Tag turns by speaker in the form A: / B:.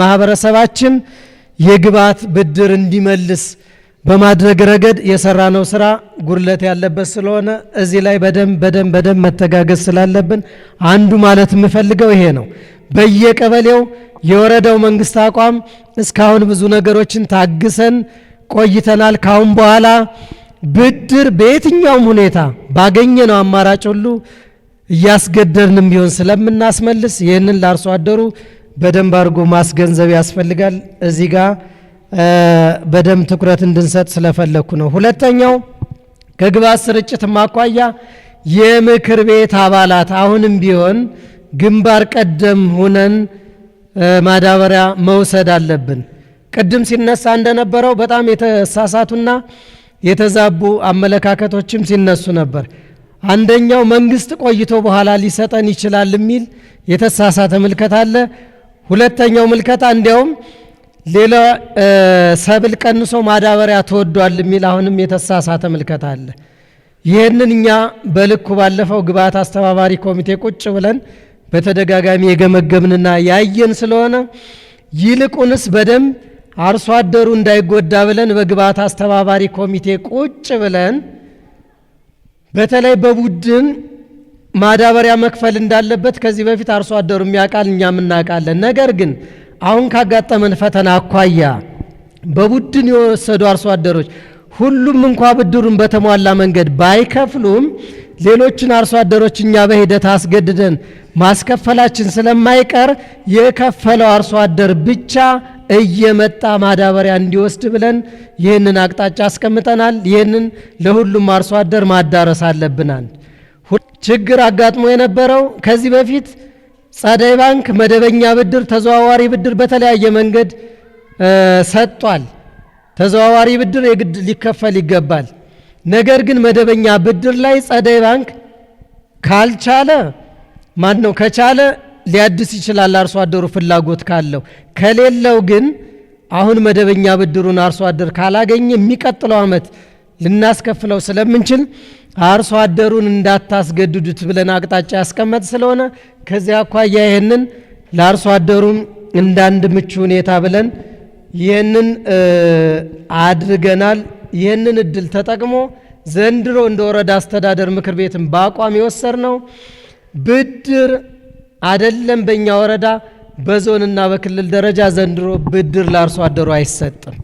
A: ማህበረሰባችን የግብዓት ብድር እንዲመልስ በማድረግ ረገድ የሰራነው ስራ ጉድለት ያለበት ስለሆነ እዚህ ላይ በደንብ በደንብ በደንብ መተጋገዝ ስላለብን አንዱ ማለት የምፈልገው ይሄ ነው። በየቀበሌው የወረዳው መንግስት አቋም እስካሁን ብዙ ነገሮችን ታግሰን ቆይተናል። ካሁን በኋላ ብድር በየትኛውም ሁኔታ ባገኘነው አማራጭ ሁሉ እያስገደድንም ቢሆን ስለምናስመልስ ይህንን ላርሶ አደሩ በደንብ አድርጎ ማስገንዘብ ያስፈልጋል። እዚህ ጋር በደንብ ትኩረት እንድንሰጥ ስለፈለግኩ ነው። ሁለተኛው ከግብዓት ስርጭት ማኳያ የምክር ቤት አባላት አሁንም ቢሆን ግንባር ቀደም ሁነን ማዳበሪያ መውሰድ አለብን። ቅድም ሲነሳ እንደነበረው በጣም የተሳሳቱና የተዛቡ አመለካከቶችም ሲነሱ ነበር። አንደኛው መንግስት ቆይቶ በኋላ ሊሰጠን ይችላል የሚል የተሳሳተ ምልከት አለ። ሁለተኛው ምልከታ እንዲያውም ሌላ ሰብል ቀንሶ ማዳበሪያ ተወዷል የሚል አሁንም የተሳሳተ ምልከታ አለ። ይህንን እኛ በልኩ ባለፈው ግብአት አስተባባሪ ኮሚቴ ቁጭ ብለን በተደጋጋሚ የገመገብንና ያየን ስለሆነ ይልቁንስ በደንብ አርሶ አደሩ እንዳይጎዳ ብለን በግብአት አስተባባሪ ኮሚቴ ቁጭ ብለን በተለይ በቡድን ማዳበሪያ መክፈል እንዳለበት ከዚህ በፊት አርሶ አደሩ የሚያውቃል፣ እኛም እናውቃለን። ነገር ግን አሁን ካጋጠመን ፈተና አኳያ በቡድን የወሰዱ አርሶ አደሮች ሁሉም እንኳ ብድሩን በተሟላ መንገድ ባይከፍሉም ሌሎችን አርሶ አደሮች እኛ በሂደት አስገድደን ማስከፈላችን ስለማይቀር የከፈለው አርሶ አደር ብቻ እየመጣ ማዳበሪያ እንዲወስድ ብለን ይህንን አቅጣጫ አስቀምጠናል። ይህንን ለሁሉም አርሶ አደር ማዳረስ አለብናል። ችግር አጋጥሞ የነበረው ከዚህ በፊት ጸደይ ባንክ መደበኛ ብድር፣ ተዘዋዋሪ ብድር በተለያየ መንገድ ሰጥቷል። ተዘዋዋሪ ብድር የግድ ሊከፈል ይገባል። ነገር ግን መደበኛ ብድር ላይ ጸደይ ባንክ ካልቻለ ማን ነው ከቻለ ሊያድስ ይችላል፣ አርሶ አደሩ ፍላጎት ካለው። ከሌለው ግን አሁን መደበኛ ብድሩን አርሶ አደር ካላገኘ የሚቀጥለው ዓመት ልናስከፍለው ስለምንችል አርሶ አደሩን እንዳታስገድዱት ብለን አቅጣጫ ያስቀመጥ ስለሆነ ከዚያ አኳያ ይህንን ለአርሶ አደሩም እንዳንድ ምቹ ሁኔታ ብለን ይህንን አድርገናል። ይህንን እድል ተጠቅሞ ዘንድሮ እንደ ወረዳ አስተዳደር ምክር ቤትን በአቋም የወሰድ ነው ብድር አደለም። በእኛ ወረዳ በዞንና በክልል ደረጃ ዘንድሮ ብድር ለአርሶ አደሩ አይሰጥም።